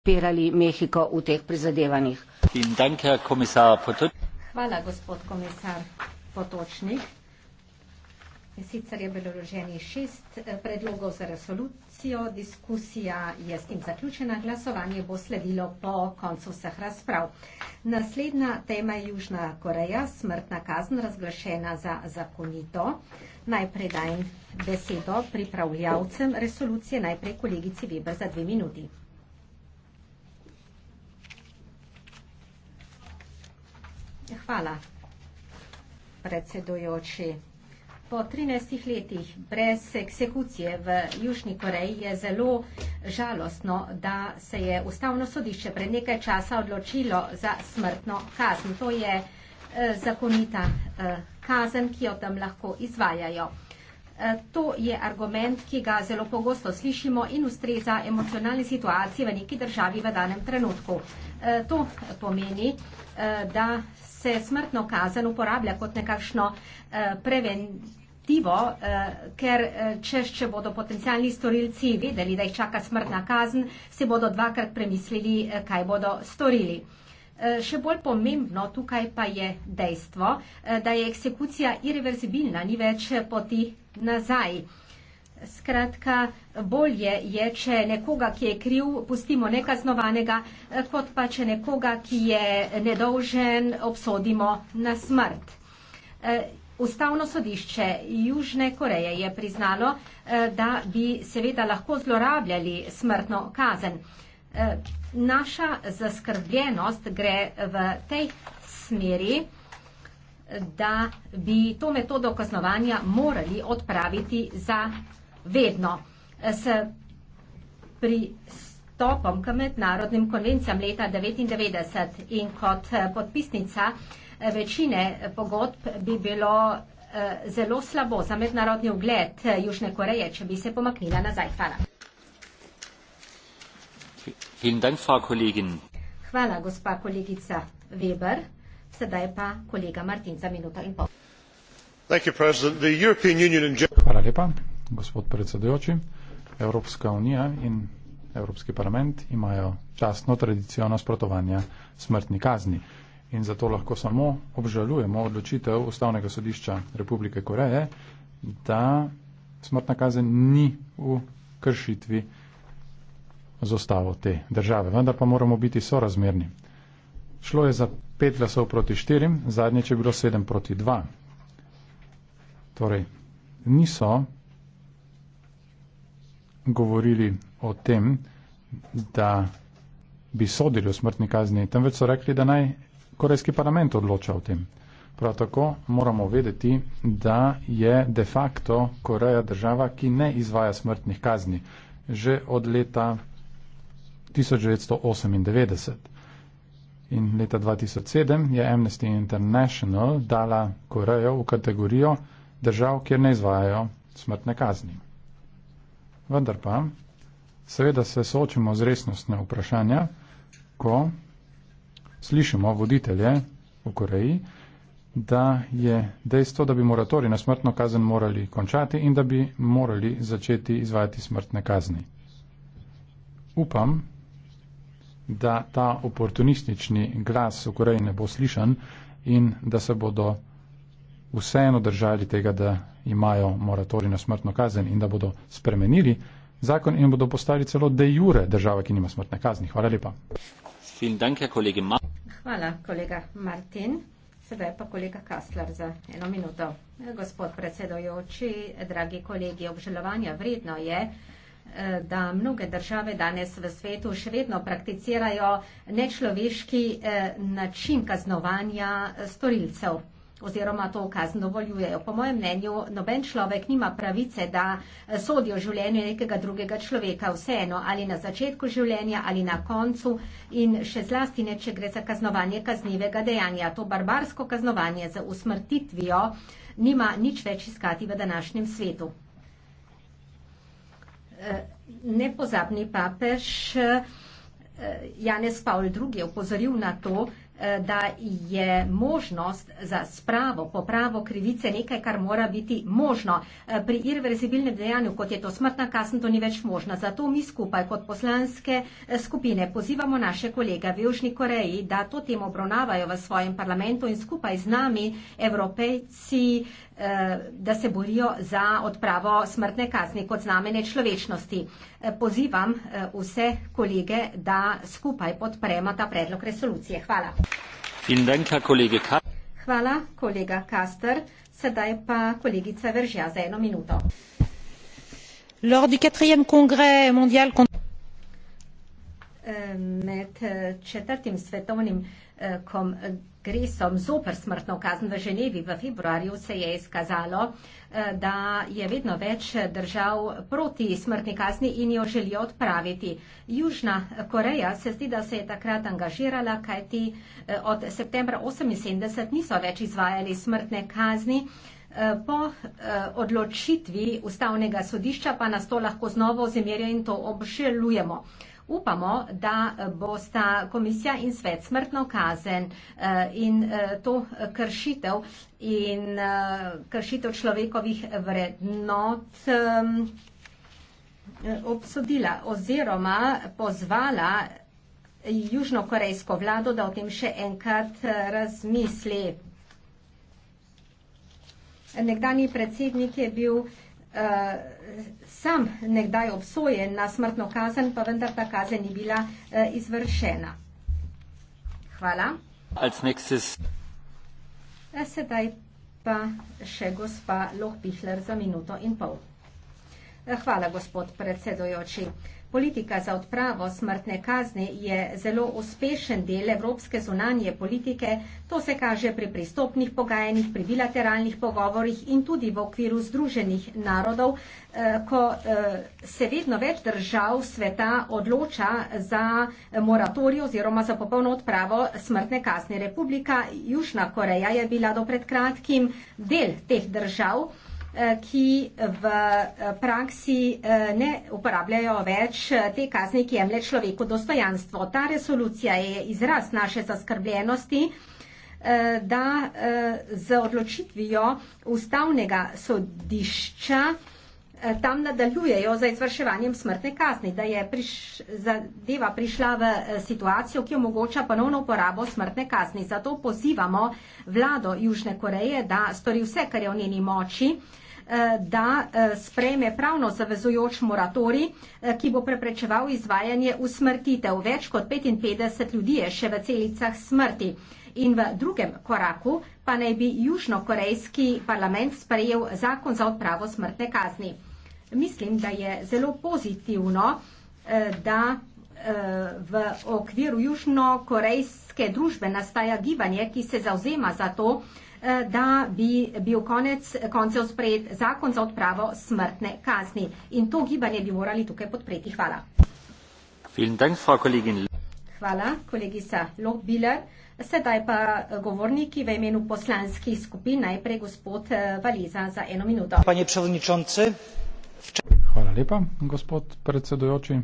podpirali Mehiko v teh prizadevanjih. Hvala, gospod komisar Potočnik. Sicer je bilo vloženi šest eh, predlogov za resolucijo, diskusija je s tem zaključena, glasovanje bo sledilo po koncu vseh razprav. Naslednja tema je Južna Koreja, smrtna kazen razglašena za zakonito. Najprej dajem besedo pripravljavcem resolucije, najprej kolegici Weber za dve minuti. Ja, hvala, predsedujoči. Po 13 letih brez eksekucije v Južni Koreji je zelo žalostno, da se je ustavno sodišče pred nekaj časa odločilo za smrtno kazen. To je eh, zakonita eh, kazen, ki jo tam lahko izvajajo. Eh, to je argument, ki ga zelo pogosto slišimo in ustreza emocionalni situaciji v neki državi v danem trenutku. Eh, to pomeni, eh, da se smrtno kazen uporablja kot nekakšno eh, preventivo, eh, ker eh, češ, če bodo potencijalni storilci vedeli, da jih čaka smrtna kazen, si bodo dvakrat premislili, kaj bodo storili. Še bolj pomembno tukaj pa je dejstvo, da je eksekucija irreverzibilna, ni več poti nazaj. Skratka, bolje je, če nekoga, ki je kriv, pustimo nekaznovanega, eh, kot pa če nekoga, ki je nedolžen, obsodimo na smrt. Eh, Ustavno sodišče Južne Koreje je priznalo, eh, da bi seveda lahko zlorabljali smrtno kazen. Naša zaskrbljenost gre v tej smeri, da bi to metodo kaznovanja morali odpraviti za vedno. S pristopom k mednarodnim konvencijam leta 1999 in kot eh, podpisnica eh, večine pogodb bi bilo eh, zelo slabo za mednarodni ugled Južne Koreje, če bi se pomaknila nazaj. Hvala. Hvala, gospa kolegica Weber. Sedaj pa kolega Martin za minuto in pol. Hvala lepa gospod predsedujoči. Evropska unija in Evropski parlament imajo častno tradicijo nasprotovanja smrtni kazni. In zato lahko samo obžalujemo odločitev Ustavnega sodišča Republike Koreje, da smrtna kazen ni v kršitvi z ostavo te države. Vendar pa moramo biti sorazmerni. Šlo je za pet glasov proti štirim, zadnje, če je bilo sedem proti dva. Torej, niso govorili o tem, da bi sodili o smrtni kazni, temveč so rekli, da naj korejski parlament odloča o tem. Prav tako moramo vedeti, da je de facto Koreja država, ki ne izvaja smrtnih kazni že od leta 1998. In leta 2007 je Amnesty International dala Korejo v kategorijo držav, kjer ne izvajajo smrtne kazni. Vendar pa, seveda se soočimo z resnostne vprašanja, ko slišimo voditelje v Koreji, da je dejstvo, da bi moratori na smrtno kazen morali končati in da bi morali začeti izvajati smrtne kazni. Upam, da ta oportunistični glas v Koreji ne bo slišan in da se bodo vseeno držali tega, da imajo moratori na smrtno kazen in da bodo spremenili zakon in bodo postali celo de jure država, ki nima smrtne kazni. Hvala lepa. Danke, kolega. Hvala, kolega Martin. Sedaj pa kolega Kastler za eno minuto. Gospod predsedojoči, dragi kolegi, obžalovanja vredno je, eh, da mnoge države danes v svetu še vedno prakticirajo nečloveški eh, način kaznovanja storilcev oziroma to kazn dovoljujejo. Po mojem mnenju, noben človek nima pravice, da eh, sodi o življenju nekega drugega človeka, vseeno ali na začetku življenja ali na koncu in še zlasti ne, če gre za kaznovanje kaznivega dejanja. To barbarsko kaznovanje z usmrtitvijo nima nič več iskati v današnjem svetu. Eh, nepozabni papež eh, Janez Paul II. je upozoril na to, Eh, da je možnost za spravo, popravo krivice nekaj, kar mora biti možno. Eh, pri irreversibilnem dejanju, kot je to smrtna kazen, to ni več možno. Zato mi skupaj kot poslanske eh, skupine pozivamo naše kolega v Južni Koreji, da to temo obravnavajo v svojem parlamentu in skupaj z nami, evropejci, Eh, da se borijo za odpravo smrtne kazni kot znamenje človečnosti. Eh, pozivam eh, vse kolege, da skupaj podprema ta predlog resolucije. Hvala. Hvala, kolega Kastr. Sedaj pa kolegica Veržja za eno minuto. Med četrtim svetovnim kongresom kongresom zoper smrtno kazen v Ženevi v februarju se je izkazalo, eh, da je vedno več držav proti smrtni kazni in jo želijo odpraviti. Južna Koreja se zdi, da se je takrat angažirala, kajti eh, od septembra 1978 niso več izvajali smrtne kazni. Eh, po odločitvi ustavnega sodišča pa nas to lahko znova zemirja in to obžalujemo upamo, da eh, bosta komisija in svet smrtno kazen eh, in eh, to kršitev in kršitev človekovih vrednot ehm, obsodila oziroma pozvala južnokorejsko vlado, da o tem še enkrat razmisli. Nekdani predsednik je bil sam nekdaj obsojen na smrtno kazen, pa vendar ta kazen ni bila eh, izvršena. Hvala. Eh, sedaj pa še gospa Lohpihler za minuto in pol. Hvala, gospod predsedojoči. Politika za odpravo smrtne kazni je zelo uspešen del evropske zunanje politike. To se kaže pri pristopnih pogajanjih, pri bilateralnih pogovorih in tudi v okviru Združenih narodov, eh, ko eh, se vedno več držav sveta odloča za moratorijo oziroma za popolno odpravo smrtne kazni. Republika Južna Koreja je bila do predkratkim del teh držav. Eh, ki v eh, praksi eh, ne uporabljajo več te kazni, ki jemlje človeku dostojanstvo. Ta resolucija je izraz naše zaskrbljenosti, da z odločitvijo ustavnega sodišča Eh, tam nadaljujejo za izvrševanjem smrtne kazni, da je priš, zadeva prišla v eh, situacijo, ki omogoča ponovno uporabo smrtne kazni. Zato pozivamo vlado Južne Koreje, da stori vse, kar je v njeni moči, eh, da sprejme pravno zavezujoč moratori, ki bo preprečeval izvajanje usmrtitev. Več kot 55 ljudi je še v celicah smrti. In v drugem koraku pa naj bi Južnokorejski parlament sprejel zakon za odpravo smrtne kazni mislim, da je zelo pozitivno, eh, da eh, v okviru južnokorejske družbe nastaja gibanje, ki se zauzema za to, eh, da bi bil konec koncev sprejet zakon za odpravo smrtne kazni. In to gibanje bi morali tukaj podpreti. Hvala. Hvala, kolegica Lohbiller. Sedaj pa govorniki v imenu poslanskih skupin. Najprej gospod Valiza za eno minuto. Panie przewodniczący, Hvala lepa, gospod predsedujoči.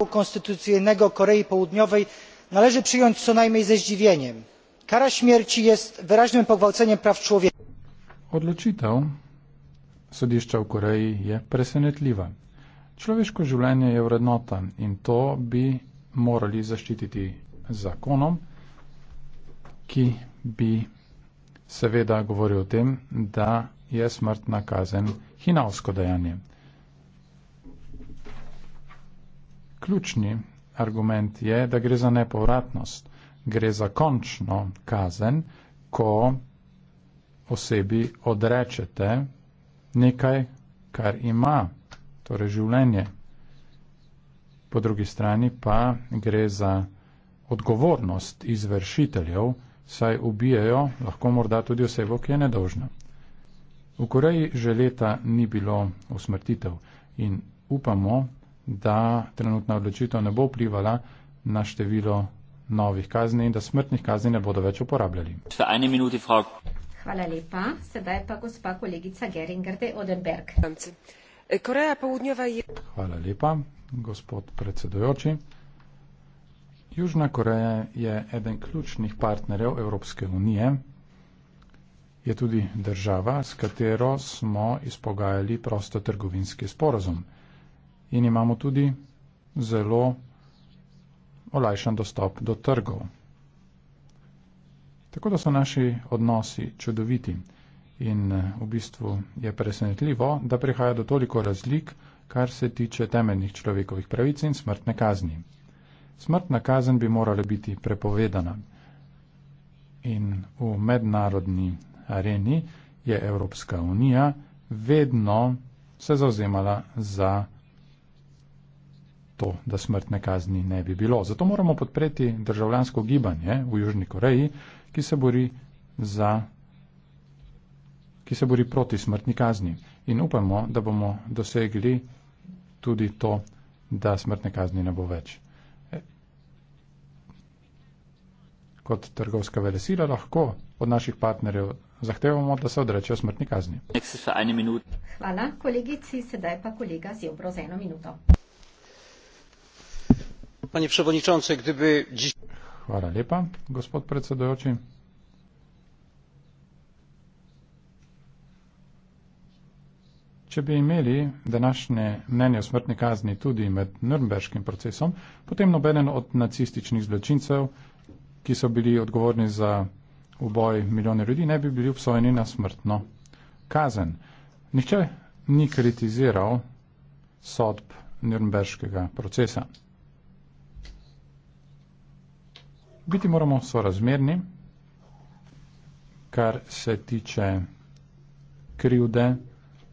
U konstytucyjnego Korei Południowej należy przyjąć co najmniej ze zdziwieniem. Kara śmierci jest wyraźnym pogwałceniem praw człowieka. Odločitev sodišča v Koreji je presenetljiva. Človeško življenje je vrednota in to bi morali zaščititi zakonom, ki bi seveda govoril o tem, da je smrtna kazen hinavsko dejanje. Ključni argument je, da gre za nepovratnost. Gre za končno kazen, ko osebi odrečete nekaj, kar ima, torej življenje. Po drugi strani pa gre za odgovornost izvršiteljev, saj ubijajo lahko morda tudi osebo, ki je nedolžna. V Koreji že leta ni bilo usmrtitev in upamo, da trenutna odločitev ne bo vplivala na število novih kazni in da smrtnih kazni ne bodo več uporabljali. Hvala lepa. Sedaj pa gospa kolegica Geringerde Odenberg. Koreja Poudnjeva je. Hvala lepa, gospod predsedujoči. Južna Koreja je eden ključnih partnerjev Evropske unije je tudi država, s katero smo izpogajali prostotrgovinski sporozum in imamo tudi zelo olajšan dostop do trgov. Tako da so naši odnosi čudoviti in eh, v bistvu je presenetljivo, da prihaja do toliko razlik, kar se tiče temeljnih človekovih pravic in smrtne kazni. Smrtna kazen bi morala biti prepovedana in v mednarodni areni je Evropska unija vedno se zauzemala za to, da smrtne kazni ne bi bilo. Zato moramo podpreti državljansko gibanje v Južni Koreji, ki se bori za ki se bori proti smrtni kazni. In upamo, da bomo dosegli tudi to, da smrtne kazni ne bo več. E, kot trgovska velesila lahko od naših partnerjev Zahtevamo, da se odrečejo smrtni kazni. Hvala, kolegici, sedaj pa kolega z Jobro za eno minuto. Panie przewodniczący, gdyby dziś. Hvala lepa, gospod predsedujoči. Če bi imeli današnje mnenje o smrtni kazni tudi med Nürnberškim procesom, potem nobeden od nacističnih zločincev, ki so bili odgovorni za uboj milijone ljudi, ne bi bili obsojeni na smrtno kazen. Nihče ni kritiziral sodb Nürnberškega procesa. Biti moramo sorazmerni, kar se tiče krivde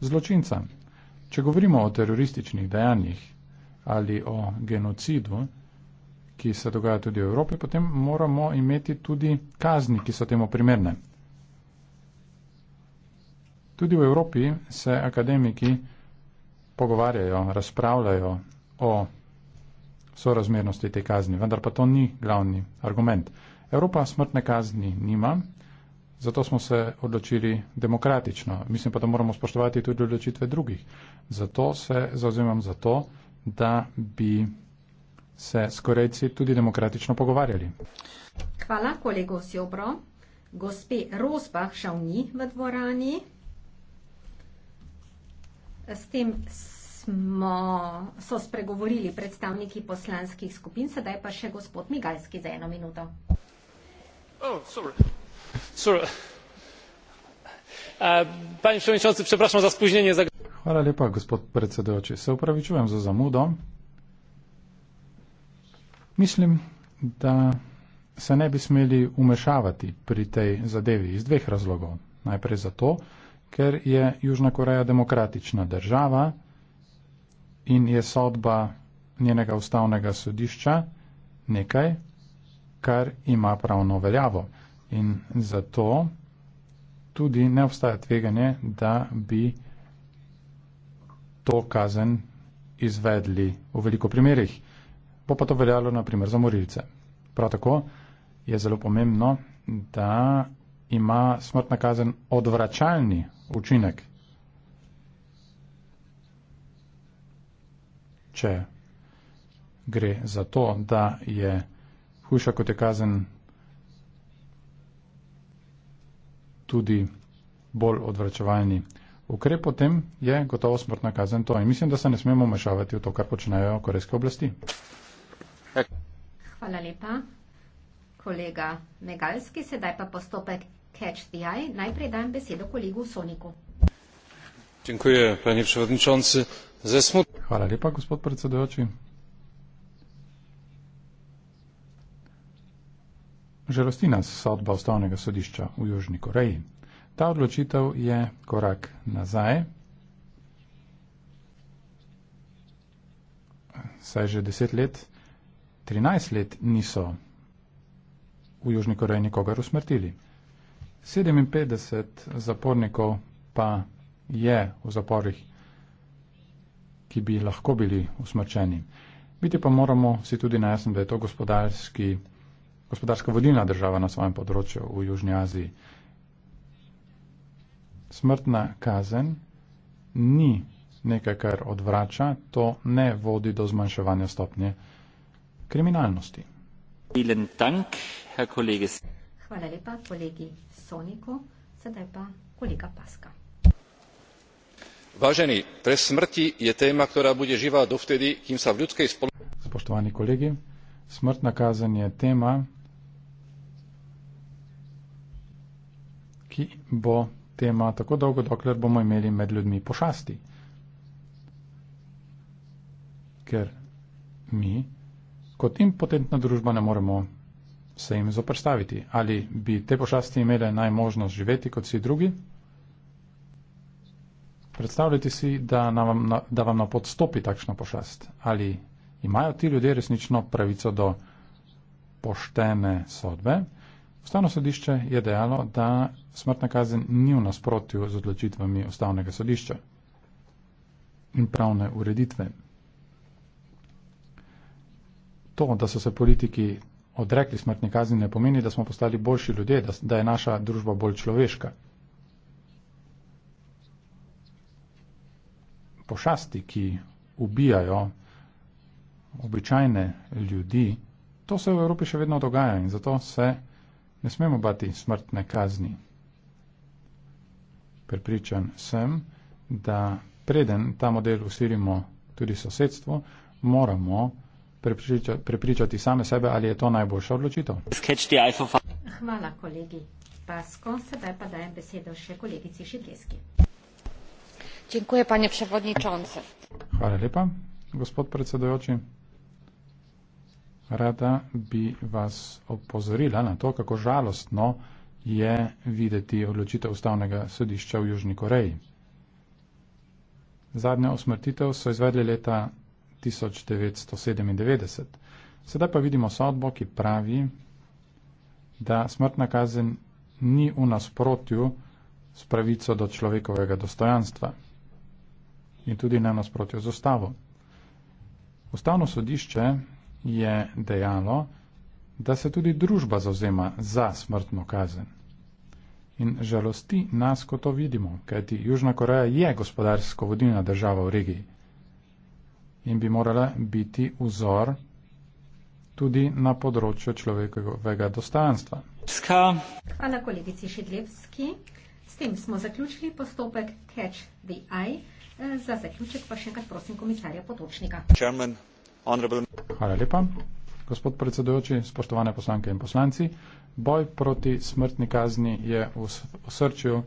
zločinca. Če govorimo o terorističnih dejanjih ali o genocidu, ki se dogaja tudi v Evropi, potem moramo imeti tudi kazni, ki so temu primerne. Tudi v Evropi se akademiki pogovarjajo, razpravljajo o sorazmernosti te kazni, vendar pa to ni glavni argument. Evropa smrtne kazni nima, zato smo se odločili demokratično. Mislim pa, da moramo spoštovati tudi odločitve drugih. Zato se zauzemam za to, da bi se s Korejci tudi demokratično pogovarjali. Hvala, kolego Sjobro. Gospe Rosbah šal ni v dvorani. S tem smo, so spregovorili predstavniki poslanskih skupin, sedaj pa še gospod Migalski za eno minuto. Oh, sorry. Sorry. Uh, Hvala lepa, gospod predsedujoči. Se upravičujem za zamudo. Mislim, da se ne bi smeli umešavati pri tej zadevi iz dveh razlogov. Najprej zato, ker je Južna Koreja demokratična država in je sodba njenega ustavnega sodišča nekaj, kar ima pravno veljavo. In zato tudi ne obstaja tveganje, da bi to kazen izvedli v veliko primerih bo pa to veljalo naprimer za morilce. Prav tako je zelo pomembno, da ima smrtna kazen odvračalni učinek. Če gre za to, da je hujša kot je kazen tudi bolj odvračevalni ukrep, potem je gotovo smrtna kazen to. In mislim, da se ne smemo mešavati v to, kar počnejo korejske oblasti. Hvala lepa. Kolega Megalski, sedaj pa postopek Catch the Eye. Najprej dajem besedo kolegu Soniku. Dziękuję, panie przewodniczący. Ze smut... Hvala lepa, gospod predsedujoči. Žalosti nas sodba ustavnega sodišča v Južni Koreji. Ta odločitev je korak nazaj. Saj že deset let 13 let niso v Južni Koreji nikogar usmrtili. 57 zapornikov pa je v zaporih, ki bi lahko bili usmrčeni. Biti pa moramo si tudi na jasnem, da je to gospodarski, gospodarska vodilna država na svojem področju v Južni Aziji. Smrtna kazen ni nekaj, kar odvrača, to ne vodi do zmanjševanja stopnje kriminalnosti. Hvala lepa kolegi Soniku, sedaj pa kolega Paska. Važeni, pre smrti je tema, ktorá bude živa dovtedy, kým sa v ľudskej spoločnosti... Spoštovani kolegi, smrtna kazen je tema, ki bo tema tako dolgo, dokler bomo imeli med ľuďmi pošasti. Ker mi kot impotentna družba ne moremo se jim zoprstaviti. Ali bi te pošasti imele najmožnost živeti kot vsi drugi? Predstavljajte si, da, na vam, na, da vam na podstopi takšno pošast. Ali imajo ti ljudje resnično pravico do poštene sodbe? Ustavno sodišče je dejalo, da smrtna kazen ni v nasprotju z odločitvami ustavnega sodišča in pravne ureditve to, da so se politiki odrekli smrtni kazni, ne pomeni, da smo postali boljši ljudje, da, da je naša družba bolj človeška. Pošasti, ki ubijajo običajne ljudi, to se v Evropi še vedno dogaja in zato se ne smemo bati smrtne kazni. Prepričan sem, da preden ta model usirimo tudi sosedstvo, moramo prepričati, prepričati same sebe, ali je to najboljša odločitev. Hvala, kolegi Pasko. Sedaj pa dajem besedo še kolegici Šitljeski. Dziękuję, panie przewodniczący. Hvala lepa, gospod predsedujoči. Rada bi vas opozorila na to, kako žalostno je videti odločitev ustavnega sodišča v Južni Koreji. Zadnjo osmrtitev so izvedli leta 1997. Sedaj pa vidimo sodbo, ki pravi, da smrtna kazen ni v nasprotju s pravico do človekovega dostojanstva in tudi ne v nasprotju z ustavo. Ustavno sodišče je dejalo, da se tudi družba zauzema za smrtno kazen. In žalosti nas, ko to vidimo, kajti Južna Koreja je gospodarsko vodilna država v regiji in bi morala biti vzor tudi na področju človekovega dostanstva. Hvala, kolegici Šedlevski. S tem smo zaključili postopek Catch the Eye. Eh, za zaključek pa še enkrat prosim komisarja Potočnika. Chairman, honorable... Hvala lepa. Gospod predsedujoči, spoštovane poslanke in poslanci, boj proti smrtni kazni je v srčju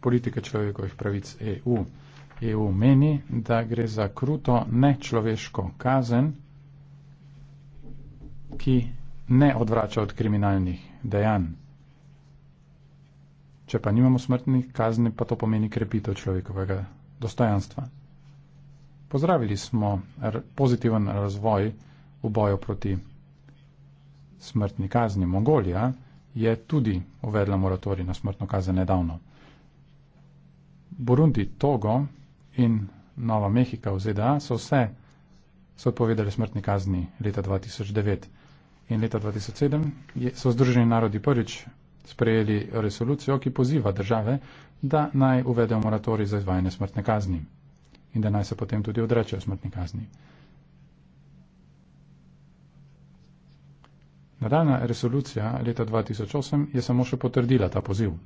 politike človekovih pravic EU. EU meni, da gre za kruto nečloveško kazen, ki ne odvrača od kriminalnih dejanj. Če pa nimamo smrtnih kazni, pa to pomeni krepitev človekovega dostojanstva. Pozdravili smo pozitiven razvoj v boju proti smrtni kazni. Mongolija je tudi uvedla moratorij na smrtno kazen nedavno. Burundi, Togo in Nova Mehika v ZDA so vse so odpovedali smrtni kazni leta 2009. In leta 2007 je, so Združeni narodi prvič sprejeli resolucijo, ki poziva države, da naj uvedejo moratori za izvajanje smrtne kazni in da naj se potem tudi odrečejo smrtni kazni. Nadaljna resolucija leta 2008 je samo še potrdila ta poziv.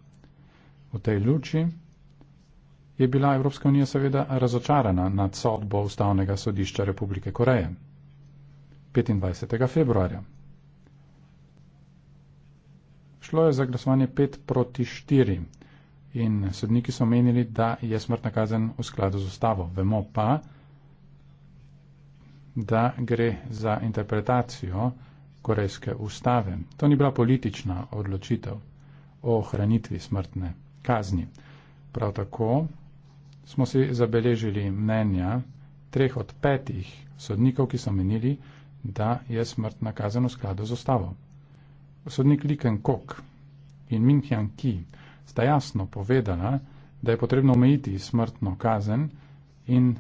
V tej luči je bila Evropska unija seveda razočarana nad sodbo Ustavnega sodišča Republike Koreje 25. februarja. Šlo je za glasovanje 5 proti 4 in sodniki so menili, da je smrtna kazen v skladu z ustavo. Vemo pa, da gre za interpretacijo korejske ustave. To ni bila politična odločitev o ohranitvi smrtne kazni. Prav tako smo si zabeležili mnenja treh od petih sodnikov, ki so menili, da je smrt nakazana v skladu z ustavo. Sodnik Liken Kok in Min Hyang Ki sta jasno povedala, da je potrebno omejiti smrtno kazen in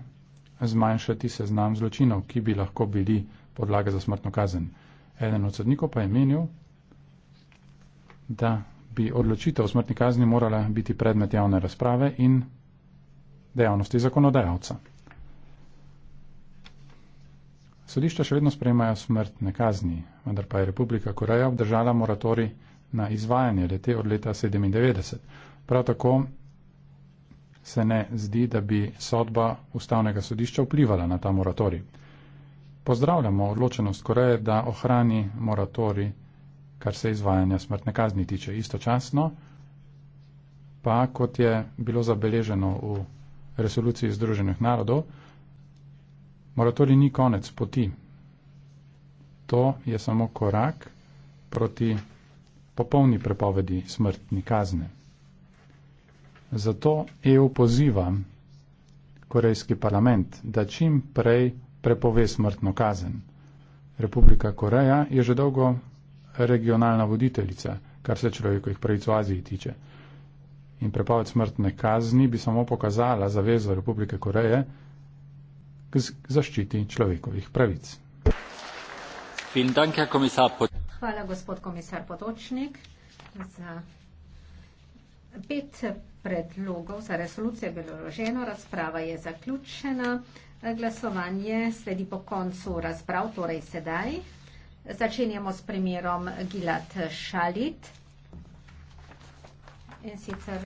zmanjšati seznam zločinov, ki bi lahko bili podlaga za smrtno kazen. Eden od sodnikov pa je menil, da bi odločitev o smrtni kazni morala biti predmet javne razprave in dejavnosti zakonodajalca. Sodišča še vedno sprejemajo smrtne kazni, vendar pa je Republika Koreja obdržala moratori na izvajanje lete od leta 1997. Prav tako se ne zdi, da bi sodba ustavnega sodišča vplivala na ta moratori. Pozdravljamo odločenost Koreje, da ohrani moratori, kar se izvajanja smrtne kazni tiče. Istočasno pa, kot je bilo zabeleženo v resoluciji Združenih narodov, moratorij ni konec poti. To je samo korak proti popolni prepovedi smrtni kazne. Zato EU poziva korejski parlament, da čim prej prepove smrtno kazen. Republika Koreja je že dolgo regionalna voditeljica, kar se človekovih pravic v Aziji tiče in prepoved smrtne kazni bi samo pokazala zavezo Republike Koreje k zaščiti človekovih pravic. Dank, komisar Hvala, gospod komisar Potočnik. Za pet predlogov za resolucijo je bilo loženo, razprava je zaključena, glasovanje sledi po koncu razprav, torej sedaj. Začenjamo s primerom Gilad Šalit. In sicer.